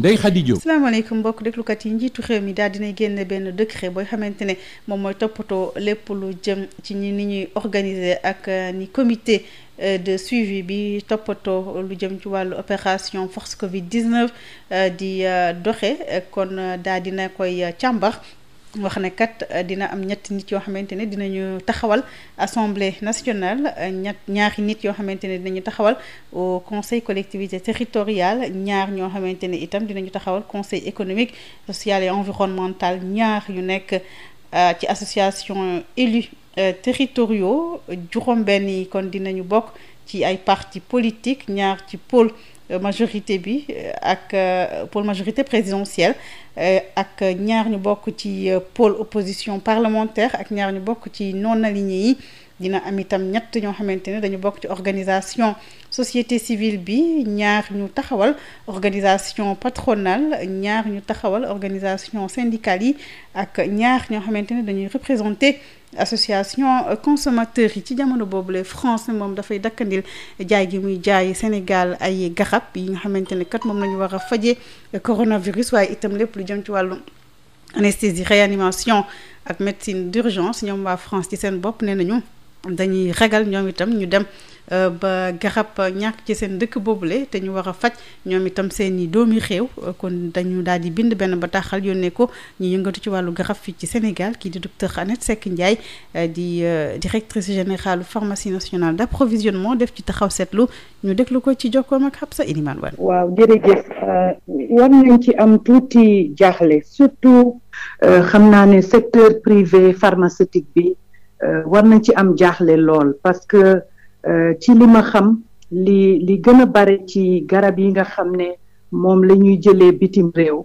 Ndeye Khady Diop asalaamaaleykum mbokk déglukat yi njiitu réew mi daal dinay génne benn décret booy xamante ne moom mooy toppatoo lépp lu jëm ci ñi ni ñuy organiser ak euh, ni comité euh, de suivi bi toppatoo lu jëm ci wàllu opération force Covid 19 euh, di doxe kon daal dina koy càmbar. wax ne kat euh, dina am ñetti nit yoo xamante ne dinañu taxawal assemblée nationale euh, ñett ñaari nit yoo xamante ne dinañu taxawal au conseil collectivité territoriale ñaar ñoo xamante ne itam dinañu taxawal conseil économique social et environnemental ñaar yu nekk euh, ci association élus territoriaux juróom-benn yi kon dinañu bokk ci ay parti politique ñaar ci pôle Euh, majorité bi euh, ak euh, pôle majorité présidentielle ak ñaar ñu bokk ci pôle opposition parlementaire ak ñaar ñu bokk ci non aligné yi dina am itam ñett ñoo xamante ne dañu bokk ci organisation société civile bi ñaar ñu taxawal organisation patronale ñaar ñu taxawal organisation syndicale yi ak ñaar ñoo xamante ne dañuy représenté association consommateur yi ci jamono boobule France moom dafay dakkandil jaay gi muy jaay Sénégal ay garab yi nga xamante ne kat moom la ñu war a fajee coronavirus waaye itam lépp lu jëm ci wàllu anesthésie réanimation ak médecine d'urgence ñoom waa France seen bopp nee nañu. dañuy ragal ñoom itam ñu dem euh, ba garab ñàkk ci seen dëkk boobule te ñu war a faj ñoom itam seen i doomi xeew kon dañu daal di bind benn ba bataaxal yónnee ko ñu yëngatu ci wàllu garab fii ci Sénégal kii di docteur Annette Seck Ndiaye euh, di euh, directrice générale pharmacie nationale d'approvisionnement def ci taxaw seetlu ñu déglu ko ci jokkoom ak Habsa inimaan Wane. waaw jërëjëf war nañ ci am tuuti jaaxle surtout xam naa ne secteur privé pharmaceutique bi. Euh, war na ci am jaaxle lool parce que euh, ci lima xam li li gën a bare ci garab yi nga xam ne moom la ñuy jëlee bitim réew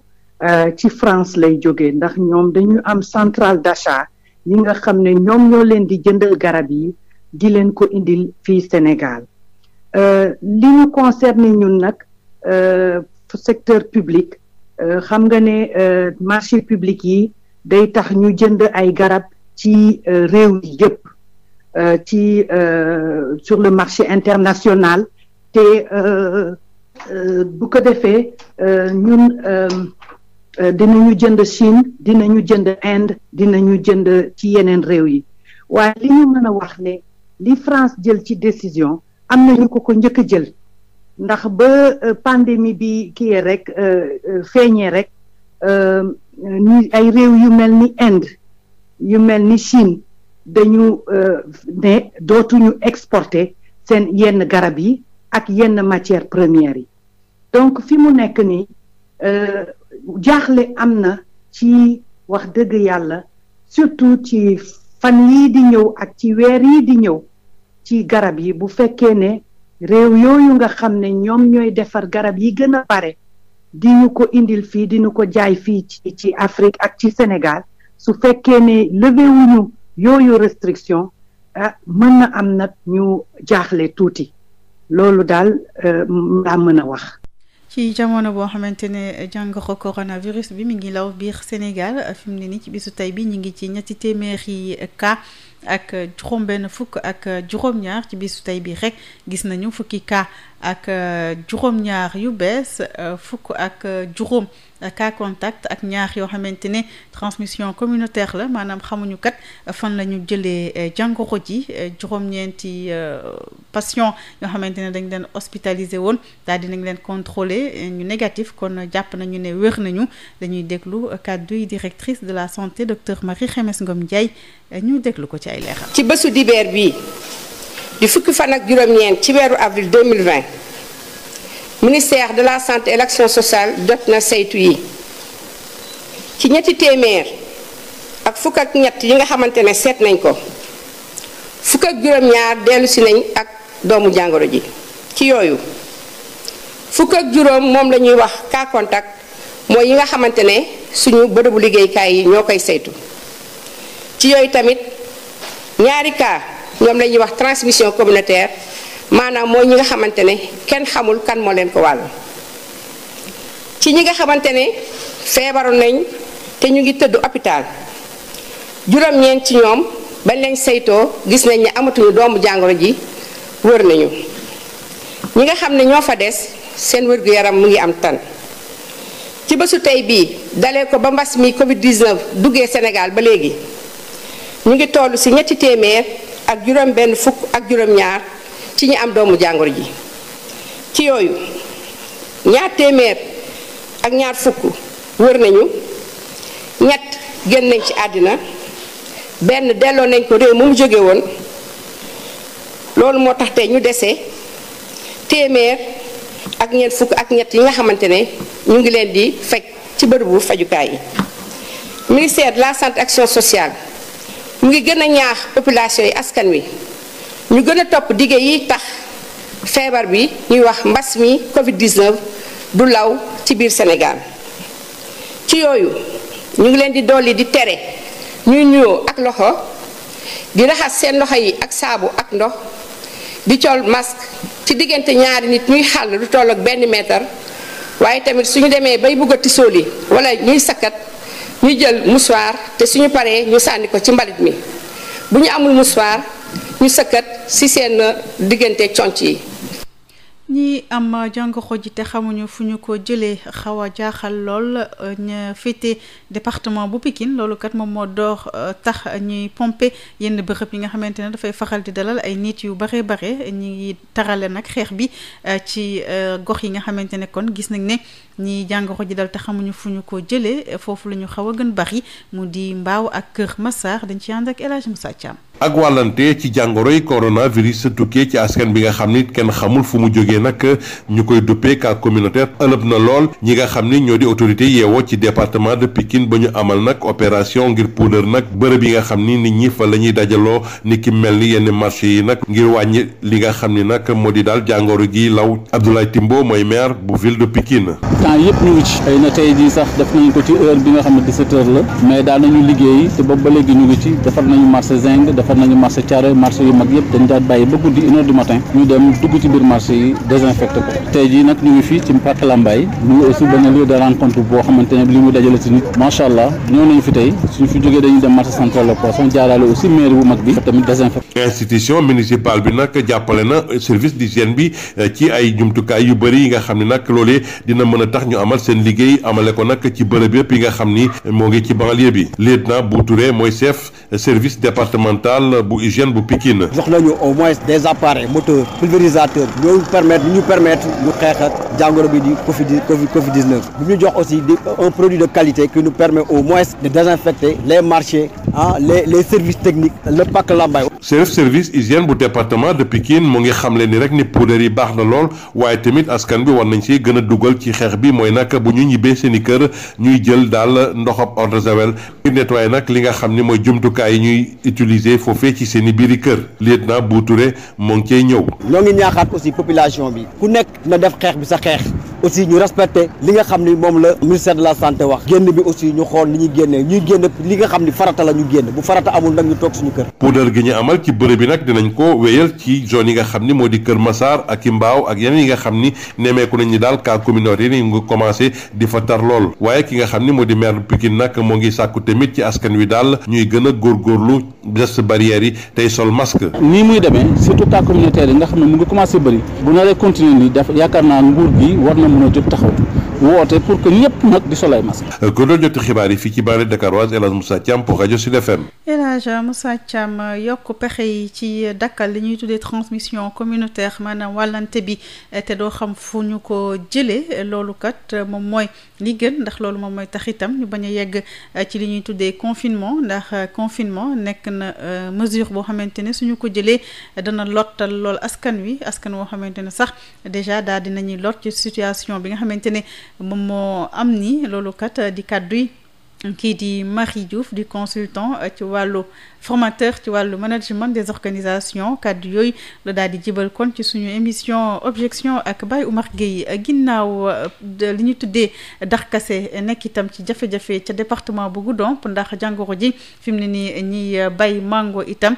euh, ci France lay jóge ndax ñoom dañu am centrale d'achat yi nga xam ne ñoom ñoo leen di jëndal garab yi di leen ko indil fii Sénégal li ñu concerné ñun nag secteur public xam nga ne marché public yi day tax ñu jënd ay garab ci euh, réew yi yëpp euh, ci euh, sur le marché international te bu ko defee ñun dinañu jënd Chine dinañu jënd Inde dinañu jënd ci yeneen réew yi waaye li ñu mën a wax ne li France jël ci décision am nañu ko ko njëkk a jël ndax ba pandémie bi kii rek feeñee rek ni ay réew yu mel ni Inde yu mel ni Chine dañu euh, ne dootuñu exporter seen yenn garab yi ak yenn matière premières yi donc fi mu nekk nii euh, jaaxle am na ci wax dëgg yàlla surtout ci fan yii di ñëw ak ci weer yi di ñëw ci garab yi bu fekkee ne réew yooyu nga xam ne ñoom ñooy defar garab yi gën a bare di ko indil fii di ko jaay fii ci ci Afrique ak ci Sénégal su fekkee ne levé yooyu restriction ah mën na am nag ñu jaaxle tuuti loolu daal euh, laa mën a wax. ci jamono boo xamante ne jàngoro coronavirus bi mi ngi law biir Sénégal fi mu ne nii ci bisu tey bi ñu ngi ci ñetti téeméeri cas. ak juróom benn fukk ak juróom-ñaar ci su tey bi rek gis nañu fukki cas ak euh, juróom-ñaar yu bees euh, fukk ak euh, juróom cas contact ak ñaar yoo xamante ne transmission communautaire la maanaam xamuñu kat fan la ñu jëlee jàngoro ji juróom-ñeenti patient yoo xamante ne dañ leen hospitalisé woon daal dinañ leen contrôlé ñu négatif kon jàpp nañu ne wér nañu dañuy déglu kàddu yi directrice de la santé docteur Marie xemes Ngom Ndiaye ñu déglu ko ci ay ay ci bésu dibeer bii di fukki fan ak juróom-ñeent ci weeru avril 2020 ministère de la santé et sociale jot na saytu yi ci ñetti téeméer ak fukk ak ñett yi nga xamante ne seet nañ ko fukk ak juróom-ñaar dellu si nañ ak doomu jàngoro ji ci yooyu fukk ak juróom moom lañuy wax cas contact mooy yi nga xamante ne suñu bërëbu liggéeykaay yi ñoo koy saytu ci yooyu tamit ñaari cas ñoom lañuy wax transmission communautaire maanaam mooy ñi nga xamante ne kenn xamul kan moo leen ko wàll ci ñi nga xamante ne feebaru nañ te ñu ngi tëdd hôpital juróom-ñeent ci ñoom bañ leen saytoo gis nañ ni amatuñu doomu jàngoro ji wër nañu ñi nga xam ne ñoo fa des seen wér-gu-yaram mu ngi am tan ci bésu tey bii dalee ko ba mbas mi Covid 19 duggee Sénégal ba léegi. ñu ngi toll ci ñetti téeméer ak juróom benn fukk ak juróom-ñaar ci ñi am doomu jàngoro ji ci yooyu ñaar téeméer ak ñaar fukk wër nañu ñett génn nañ ci àddina benn delloo nañ ko réew mu mu jóge woon loolu moo tax tey ñu dese téeméer ak ñeent fukk ak ñett yi nga xamante ne ñu ngi leen di faj ci bërëbu fajukaay yi ministère de sant santé action sociale mu ngi gën a ñaax population yi askan wi ñu gën a topp dige yi tax feebar bi ñuy wax mbas mi Covid 19 du law ci biir Sénégal ci yooyu ñu ngi leen di dolli di tere ñuy nuyoo ak loxo di raxas seen loxo yi ak saabu ak ndox di col masque ci diggante ñaari nit ñuy xàll lu toll ak benn mètre waaye tamit suñu demee bay bugg a tisooli wala ñuy sakkat. ñu jël mouchoir te suñu paree ñu sànni ko ci mbalit mi bu ñu amul mouchoir ñu sëkkat ci seen diggante conc yi ñi am jàngoro ji te xamuñu fu ñu ko jëlee xaw a jaaxal lool ñu féete département bu pikin loolu kat moom moo door euh, tax ñuy pompe yenn bërëb yi nga xamante ne dafay faxal di dalal ay nit yu bare bare ñi ngi tarale nag xeex bi euh, ci euh, gox yi nga xamante ne kon gis nañ ne ñi jàngoro ji dal te xamuñu fu ñu ko jëlee foofu la ñu xaw a gën bari mu di mbaaw ak Kër Massar dañu ci ànd ak El Hadj Moussa ak wàllante ci jàngoro yi jàngoroy coronavirus tukkee ci askan bi nga xam ni kenn xamul fu mu jógee nag ñu koy duppee cas communautaire ëlëb na lool ñi nga xam ni ñoo di autorité yeewoo ci département de Pikine ba ñu amal nag opération ngir puudar nag bërëb yi nga xam ni nit ñi fa la ñuy dajaloo ni ki mel ni yenn marché yi nag ngir wàññi li nga xam ni nag moo di daal jàngoro gi law Abdoulaye Timbo mooy maire bu ville de Pikine. temps yëpp ñu ci. xëy na tey jii sax def nañ ko ci bi nga xam ne 17 heures la. mais daan nañu liggéey te boobu ba léegi defar nañu marché Thiaroye marché yu mag yëpp dañ daan bàyyi ba guddi une heure du matin ñu tey jii nit macha allah ñëw nañu fi tey suñu fi jógee dañuy dem marché central le poisson aussi mairie bu mag bi tamit désinfecté institution municipale bi nag jàppale na service d'hygiène bi eh, ci ay jumtukaay yu bëri yi nga xam ne nag loolee dina mën a tax ñu amal seen liggéey amale ko nag ci bërëb yëpp yi nga xam ni moo ngi ci banlieue bi lieutenant bu Touré mooy chef service départemental centrale bu hygiène bu Pikine. jox nañu au moins des appareils moteurs pulvérisateurs ñooñu permettre ñu permettre ñu xeex Covid Covid 19. jox aussi un produit de qualité qui nous permet au moins de désinfecter les marchés les services techniques le parc Lambaye. chef service hygiène bu département de Pikine mu ngi xamle ni rek ni poudre yi baax na lool waaye tamit askan bi war nañ ci gën a dugal ci xeex bi mooy nag bu ñu ñibbee seen i kër ñuy jël daal ndoxam eau de javel ngir nettoyer nag li nga xam ni mooy jumtukaay yi ñuy utiliser foofee ci seen i biiri kër lieutenant Boutouré moo ngi cee ñëw. ñoo ngi ñaaxaat aussi population bi ku nekk na def xeex bi sa xeex. aussi ñu respecté li nga xam ni moom la ministère de la santé wax génn bi aussi ñu xool ni ñuy génnee ñuy génn li nga xam ni farata la ñu génn bu farata amul nag ñu toog suñu kër puudar gi ñu amal ci bërëb bi nag dinañ ko wéyal ci zone yi nga xam ni moo di Kër Massar ak i Mbaaw ak yeneen yi nga xam ni nemeeku nañ ñi daal cas communautaire yi nga commencé di fa tar lool ki nga xam ni moo di maire Pikine nag moo ngi sàkku tamit ci askan wi daal ñuy gën góor góorgóorlu gestes barrières yi tey sol masque yi nga xam ne mu ngi commencé bëri bu naree continuer ni daf a mën a taxaw woote pour que ñëpp nag di solay masque. kon euh, doon jot xibaar yi fii ci banlieue dakaroise El Hadj Moussa Thiam pour rajo Sud FM. El Hadj Moussa Thiam yokk pexe yi ci dakkal li ñuy tuddee transmission communautaire maanaam wàllante bi te doo xam fu ñu ko jëlee loolu kat moom mooy. li gën ndax loolu moom mooy tax itam ñu bañ a yegg euh, ci li ñuy tuddee confinement ndax euh, confinement nekk na euh, mesure boo xamante ne suñu ko jëlee dana lottal lool askan wi askan woo xamante ne sax déjà daal dinañuy lot ci situation bi nga xamante ni moom moo am ni loolu kat di kàddu yi kii di Marie Diouf di consultant euh, ci wàllu formateur ci wàllu management des organisations kàddu yooyu la daal di jibal kon ci suñu émission objection ak Baye Oumar Gueye ginnaaw euh, li ñu tuddee darkase nekk itam ci jafe-jafe ca département bu Goudomp ndax jàngoro ji fi mu ne nii ñiy euh, bay màngoo itam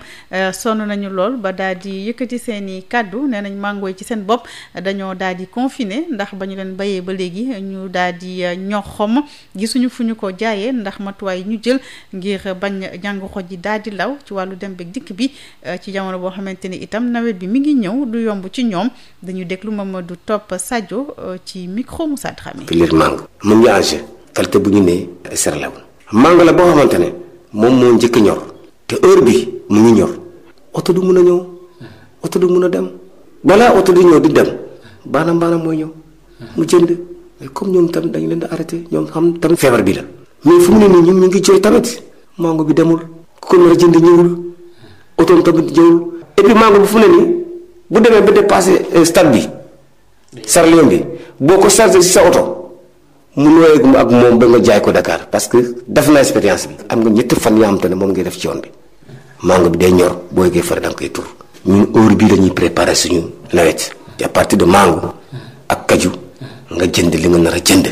sonn nañu lool ba daal di yëkkati seen i kàddu nee nañ mango yi ci seen bopp dañoo daal di confiné ndax ba ñu leen bayee ba léegi ñu daal di ñoxom gisuñu ndax ndax matuwaay ñu jël ngir bañ jàngoro ji daal di law ci wàllu dem beeg dikk bi euh, ci jamono boo xamante ni itam nawet bi mi ngi ñëw du yomb ci ñoom dañu déglu Mamadou Top Sadio euh, ci micro Moussa Dramé. pilier mango moom ñu engrais bu ñu nee serlew mango la boo xamante ne moom moo njëkk ñor bi mu ngi ñor du mun a ñëw oto du mun a dem balaa oto di di dem baanaam baanaam mooy ñëw mu jënd mais comme tam dañ leen di arrêté ñoom xam tam feebar bi la. mais fu mu ne nii ñun ñu ngi jooy tamit mango bi demul ko nar a jënd ñëwul otoom tamit ñëwul et bi fu bu demee ba dépassé euh, stade bi sarlion bi boo ko chargé si sa ak ba nga jaay ko Dakar parce que def na expérience bi am nga ñetti fan yoo xam ne moom ngay def ci yoon bi mango bi day ñor booy koy far da nga koy tur ñun heure bii dañuy préparer suñu nawet à partir de mango ak kaju nga jënd li nga nar a jënd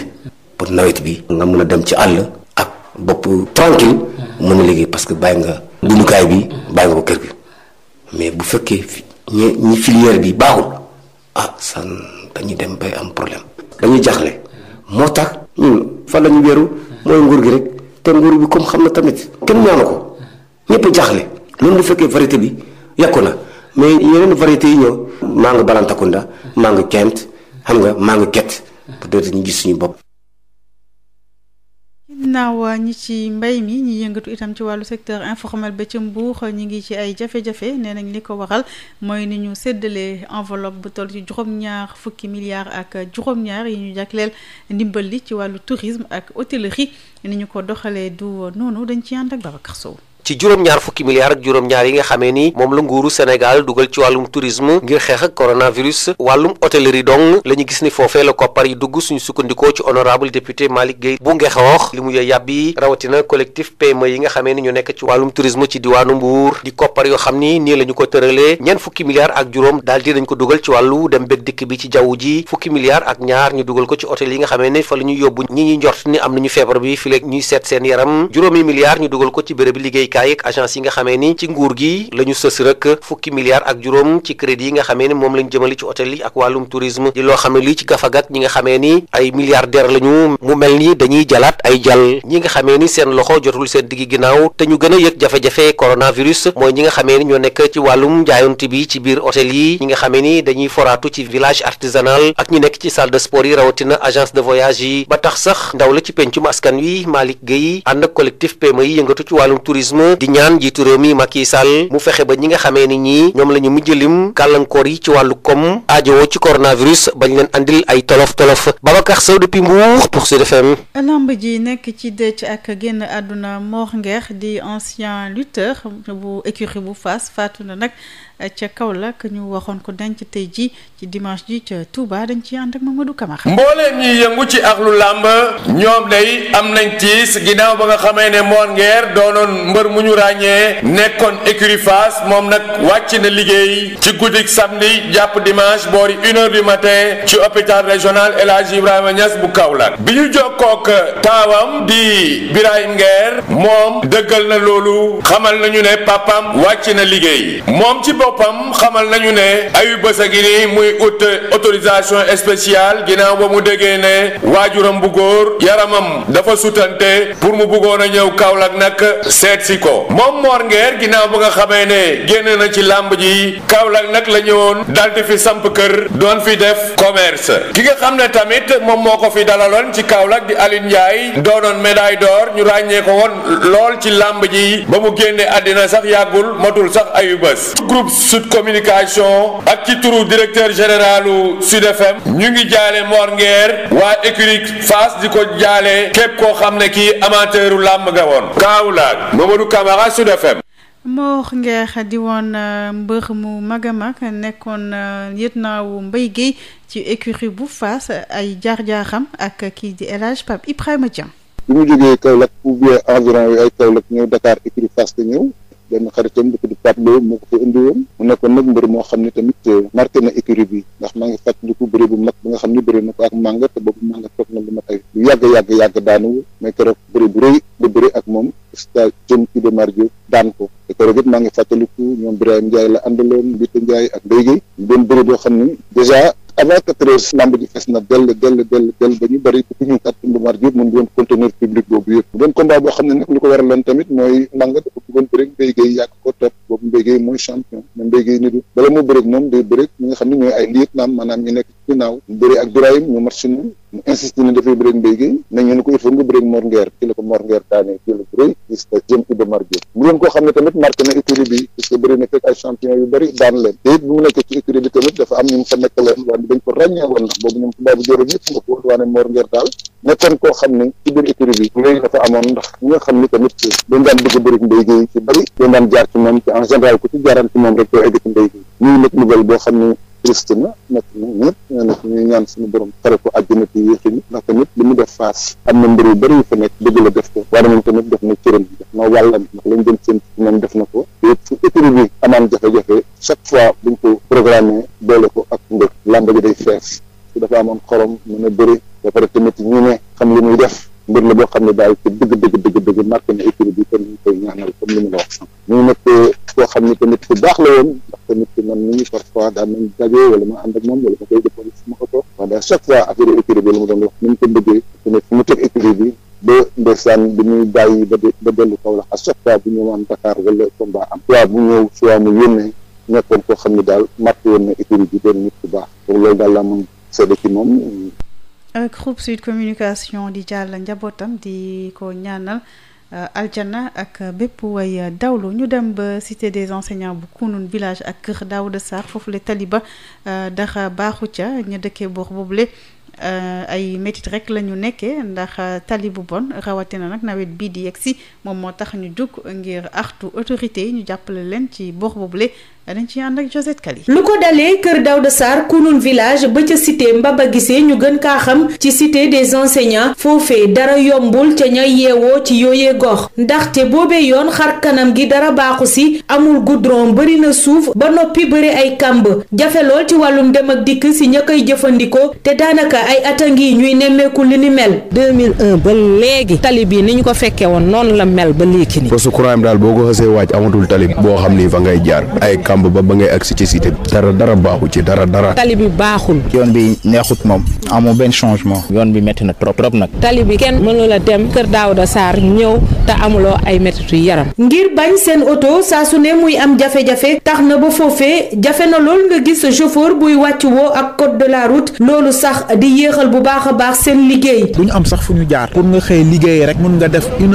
pour nawet bi nga mën a dem ci àll ak bopp tranquille mën a léegi parce que bàyyi nga dundukaay bi bàyyi nga ko kër gi mais bu fekkee ñi ñi bi baaxul ah san dañuy dem bay am problème dañuy jaxle moo tax ñun fan la ñu wéeru mooy nguur gi rek te nguur bi comme xam na tamit kenn ñaanu ko ñëpp jaxle jaaxle loolu bu fekkee variété bi yàqu na mais yeneen variété yi ñëw maa nga balantakunda maa nga kent xam nga maa nga ket peut-être ñu gis suñu bopp naaw ah, ñi ci mbay mi ñi yëngatu itam ci wàllu secteur informel ba ci Mbour ah, ñi ngi ci ay jafe-jafe nee nañ li ko waral mooy ni ñu séddale enveloppe bu toll ci juróom-ñaar fukki milliards ak juróom-ñaar yi ñu jagleel ndimbal li ci wàllu tourisme ak hôtellerie ni ñu ko doxalee du noonu dañ ci ànd ak Babacar Sow ci juróom-ñaar fukki milliards ak juróom-ñaar yi nga xamee ni moom la nguuru Sénégal dugal ci wàllum tourisme ngir xeex ak coronavirus wàllum hôtellerie dong la ñu gis ni foofee la koppar yi dugg suñu sukkandikoo ci honorable député Malick Gueye bu Ngexoox li mu yoy yàbb yi rawatina collectif PME yi nga xamee ni ñu nekk ci wàllum tourisme ci diwaanu Mbuur di koppar yoo xam ni nii la ko tëralee ñeent fukki milliards ak juróom daal di nañ ko dugal ci wàllu dem bég dikk bi ci jaww ji fukki milliards ak ñaar ñu dugal ko ci hôtel yi nga xamee ni fa la ñu yóbbu ñi ñuy am nañu feebar bi fi léeg ñuy seet seen yaram juróomi milliards ñu dugal ko ci béréb liggéeykaay kaay ak agence yi nga xamee ni ci nguur gi la ñu sës rek fukki milliards ak juróom ci crédit yi nga xamee ni moom lañ jëmale ci hôtel yi ak wàllum tourisme di loo xam ne ci gafagak ñi nga xamee ni ay milliardaire la mu mel ni dañuy jalaat ay jàll ñi nga xamee ni seen loxo jotul seen diggi ginnaaw te ñu gën a yëg jafe-jafe coronavirus mooy ñi nga xamee ni ñoo nekk ci wàllum jaayonte bi ci biir hôtel yi ñi nga xamee ni dañuy foraatu ci village artisanal ak ñu nekk ci de sport yi rawatina agence de voyage yi ba tax sax di ñaan jiitu réew mi Macky Sall mu fexe ba ñi nga xamee ni ñii ñoom la ñu mujjëlim kàllankoor yi ci wàllu koom aajowoo ci coronavirus bañ leen andil ay tolof tolof Babacar Sow depuis Mbour pour Sud FM. lamb ji nekk ci dëcc ak génn àdduna Mor Nguer di ancien lutteur bu écurie bu fas faatu na nag. ca Kaolack ñu waxoon ko denc tey ji ci dimanche ji ca Touba dañ ci ànd ak Mamadou Camara. mbooleem ñi yëngu ci ak lu làmb ñoom day am nañ tiis ginnaaw ba nga xamee ne mbool Nguer doonoon mbër mu ñu ràññee nekkoon écurie Fass moom nag wàcc na liggéey ci guddik samedi jàpp dimanche boori une heure du matin ci hôpital régional El Hadj Ibrahima Niass bu Kaolack bi ñu jokkook taawam di Birahim Nguer moom dëggal na loolu xamal nañu ne papam wàcc na liggéey boppam xamal nañu ne ayu bés a ngi nii muy ut autorisation spéciale ginnaaw ba mu déggee ne waajuram bu góor yaramam dafa sutante pour mu buggoon a ñëw Kaolack nag seet si ko moom Mor Nguer ginnaaw ba nga xamee ne génn na ci làmb ji Kaolack nag la ñëwoon daldi fi samp kër doon fi def commerce ki nga xam ne tamit moom moo ko fi dalaloon ci Kaolack di Aline Ndiaye doonoon médaille d'or ñu ràññee ko woon lool ci làmb ji ba mu génnee àddina sax yàggul matul sax Sud Communication ak ci turu directeur généralu Sud FM ñu ngi jaale Mor Nguer waa écurie di ko jaale képp koo xam ne kii amateuru làmb nga woon Kaolack Mamadou Camara Sud FM Mor di woon euh, mbër mu mag a mag nekkoon yëtnaawu euh, mbay Guèye ci écurie bu Fass ay jaar-jaaram ak kii di El Hadj Pape Ibrahima Dieng bi mu jógee Kaolack ou bien environ yi ay Kaolack ñëw Dakar écurie Fass te ñëw benn xaritam di ko di Pablo moo ko fa indi mu nekkoon nag mbër moo xam ne tamit euh, marqué na écurie bi ndax maa ngi fàttaliku bëri bu mag bi nga xam ne bëri na ko ak mànga te boobu mànga toog na lu mat bëri bu rëy bu bëri ak moom stade John Iba Mar Diop daan ko te keroog it maa ngi fàttaliku ñoom Birahim Ndiaye la àndaloon Mbite Ndiaye ak Mbaye Guèye ñu doon bëri boo xam ne dèjà avant que treize lamb ji fes na dell dell dell ba ñu bëri bu ñu kat Ndoumar Diop mun doon conteneur public boobu yëpp doon combat boo xam ne nag li ko waraloon tamit mooy Manga dafa bëggoon bëreeg Mbaye Guèye yàgg ko topp boobu Mbaye mooy champion mais Mbaye Guèye bala moo bëreeg moom day bëreeg ñi nga xam ne ñooy ay liit naam maanaam ñu nekk ci ginnaaw bëri ak Birahim ñu mat si mu insisté ne dafay bëreeg Mbaye Guèye mais ñu ko il faut nga bëreeg Mor kii la ko Mor Nguer koo xam ne bi parce que bëri na fekk ay nekkoon koo xam ne ci biir écurie bi léegi dafa amoon ndax ñi xam ni tamit dañ daan bëgg bëreeg Mbaye Guèye ci bëri jaar ci moom en général ku ci jaaraan ci moom rek doo egg ci Mbaye Guèye ñuy nag nouvelle boo xam ne triste na métti na ñëpp nag ñu ñaan suñu borom xare ko àjjana te yéexuñu ndax tamit li mu def face am na mbir yu bëri yu fa nekk dëgg la def ko waaye moom tamit def bi def na wàllam ndax lañ doon séntu na ko yëpp fu amaan jafe-jafe chaque fois buñ ko programmé boole ko ak mbër làmba ji day fees su dafa amoon xorom mën a bëri ba pare tamit ñu ne xam li muy def mbir la boo xam ne daal te dëgg dëgg dëgg dëgg marqué na économie bi kon ñu koy ñaanal comme li mu la wax sànq ñu nekk koo xam ne souvent daan daje wala ma ànd ak moom wala ma koy jëppale sama oto wala chaque fois affaire écurie bi la mu doon wax ni mu ko bëggee fu ne fu mu teg écurie bi ba ndeysaan bi muy bàyyi ba ba dellu Kaolack à chaque fois bu ñëwaan Dakar wala combat am soit bu ñëw soit mu yónnee nekkoon koo xam ne daal màtt woon na écurie bi doon nit ku baax donc loolu daal laa mën seede ci moom euh, groupe Sud Communication di jàll njabootam di ko ñaanal Euh, aljana ak bépp way euh, dawlu ñu dem ba cité des enseignants bu kunun village ak kër Daouda Sarr foofu le taliba euh, daxa baaxu ca ña dëkkee boox boobule ay métit rek la ñu nekkee ndax tali bu bon rawatina nag nawet bii di yegg si moom moo tax ñu jug ngir artu autorité yi ñu jàppale leen ci boox boobule dañ ci ànd ak Josette Kali lu ko dalee kër Daouda Sarr Kounoune village ba ca cité Mbaba gisee ñu gën kaa xam ci cité des enseignants foofee dara yombul ca ña yeewoo ci yooyee gox ndax ndaxte boobee yoon xar kanam gi dara baaxu si amul goudron bëri na suuf ba noppi bëri ay kamb jafe lool ci wàllum dem ak dikk si ña koy jëfandikoo te daanaka ay at a ngi ñuy nemmeeku lu ni mel. 2001 ba léegi tali bi ni ñu ko fekkee woon noonu la mel ba léegi nii. daal boo ko xasee waaj amatul tali xam ni fa ngay làmb ba ba ngay agsi ci cité bi dara dara baaxu ci dara dara. tali bi baaxul. yoon bi neexut moom. amoo benn changement. yoon bi métti na trop trop nag. tali bi kenn mënu la dem kër Daouda Sarr ñëw te amuloo ay méttitu yaram. ngir bañ seen oto saa su ne muy am jafe-jafe tax na ba foofee jafe na lool nga gis chauffeur buy wàcc woo ak code de la route loolu sax di yéexal bu baax a baax seen liggéey. du ñu am sax fu ñu jaar. pour nga xëy liggéey rek mun nga def une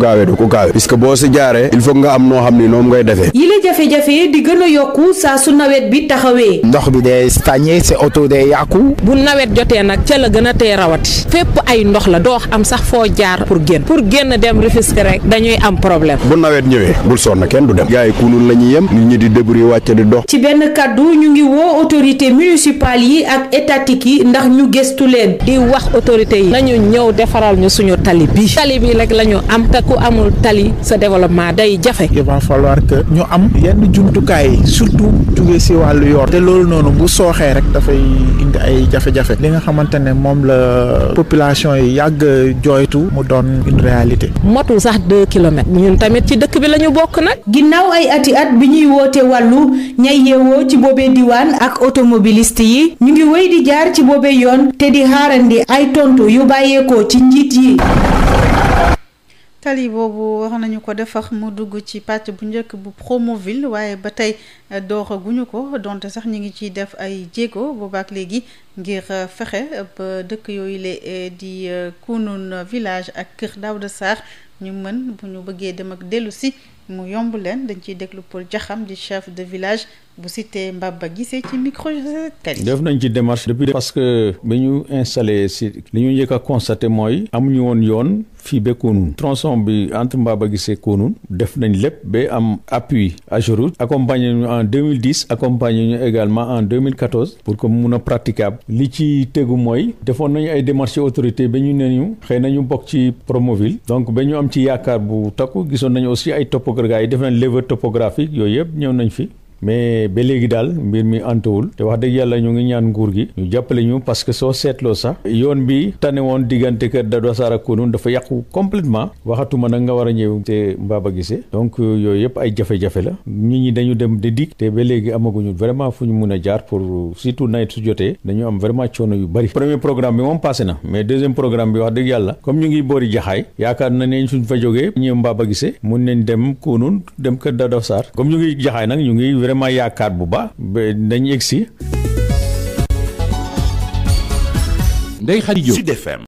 heure moytu ku gaaw puisque boo si jaaree il faut nga am noo xam ni noom ngay defee. yile jafe-jafe di gën a yokku saa su nawet bi taxawee. ndox bi day stagné sa oto day yàqu. bu nawet jotee nag ca la gën a tee rawati fépp ay ndox la am sax foo jaar pour génn pour génn dem Rufisque rek dañuy am problème. bu nawet ñëwee bu sonn kenn du dem. gars yi kunul la ñuy yem nit ñi di débrouiller dox. ci benn kàddu ñu ngi woo autorité municipale yi ak étatique yi ndax ñu gëstu leen. di wax autorité yi nañu ñëw defaral ñu suñu tali bi tali bi rek lañu amul tali sa développement day jafe. il va falloir que ñu am yenn jumtukaay yi surtout jugee si wàllu yoon. te loolu noonu bu sooxee rek dafay indi ay jafe-jafe. li nga xamante ne moom la population yi yàgg jooytu mu doon une réalité. motul sax deux kilomètres. ñun tamit ci dëkk bi la ñu bokk nag. ginnaaw ay ati at bi ñuy woote wàllu ñay yeewoo ci boobee diwaan ak automobiliste yi ñu ngi wéy di jaar ci boobee yoon te di xaarandi ay tontu yu bàyyeekoo ci njiit yi. tali boobu wax nañu ko defax mu dugg ci pàcc bu njëkk bu Promoville waaye ba tey eh, doxaguñu ko donte sax ñu ngi ciy def ay jéego boobaak léegi ngir euh, fexe ba euh, dëkk yooyu le euh, di Kounoune village ak kër Daouda Sarr ñu mën bu ñu bëggee dem ak dellu si mu yomb leen dañ ciy déglu Paul Diakham di chef de village bu cité Mbaba gisee ci micro def nañ ci démarche depuis parce que bi ñu installé si li ñu njëkk a constaté mooy amuñu woon yoon fii ba Kounoune tronçon bi entre Mbaba gisee Kounoune def nañ lépp ba am appui Ageroute accompagné ñu en 2010 accompagné ñu également en pour que mun a praticable li ci tegu mooy defoon nañu ay démarches autorité ba ñu ne ñu xëy nañu bokk ci Promoville donc ba ñu am ci yaakaar bu takku gisoon nañu aussi ay topographe yi def nañ levée topographique yooyu yëpp ñëw nañ fi mais ba léegi daal mbir mi antawul te wax dëgg yàlla ñu ngi ñaan nguur gi ñu jàppale ñu parce que soo seetloo sax yoon bi tane woon diggante kër Dadosaar ak Kounoune dafa yàqu complètement waxatuma nag nga war a ñëw te mbaaba gise donc euh, yooyu yëpp ay jafe-jafe la nit ñi dañu dem di dig te ba léegi amaguñu vraiment fu ñu mun a jaar pour euh, surtout nawet su jotee dañu am vraiment coono yu bari premier programme bi moom passé na mais deuxième programme bi wax dëgg yàlla ngi boori jaxaay yaakaar na neñ suñ fa jógee ñëw Mbaba Guissé mun nañ dem vraiment yaakaar bu baax dañ egg si. Ndeye Khady Diop Sud FM.